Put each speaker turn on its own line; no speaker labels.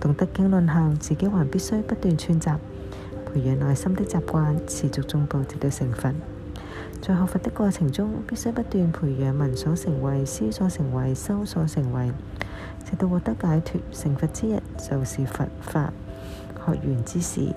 懂得經論後，自己還必須不斷串習，培養內心的習慣，持續進步，直到成佛。在學佛的過程中，必須不斷培養聞所成慧、思所成慧、修所成慧，直到獲得解脱。成佛之日就是佛法學完之時。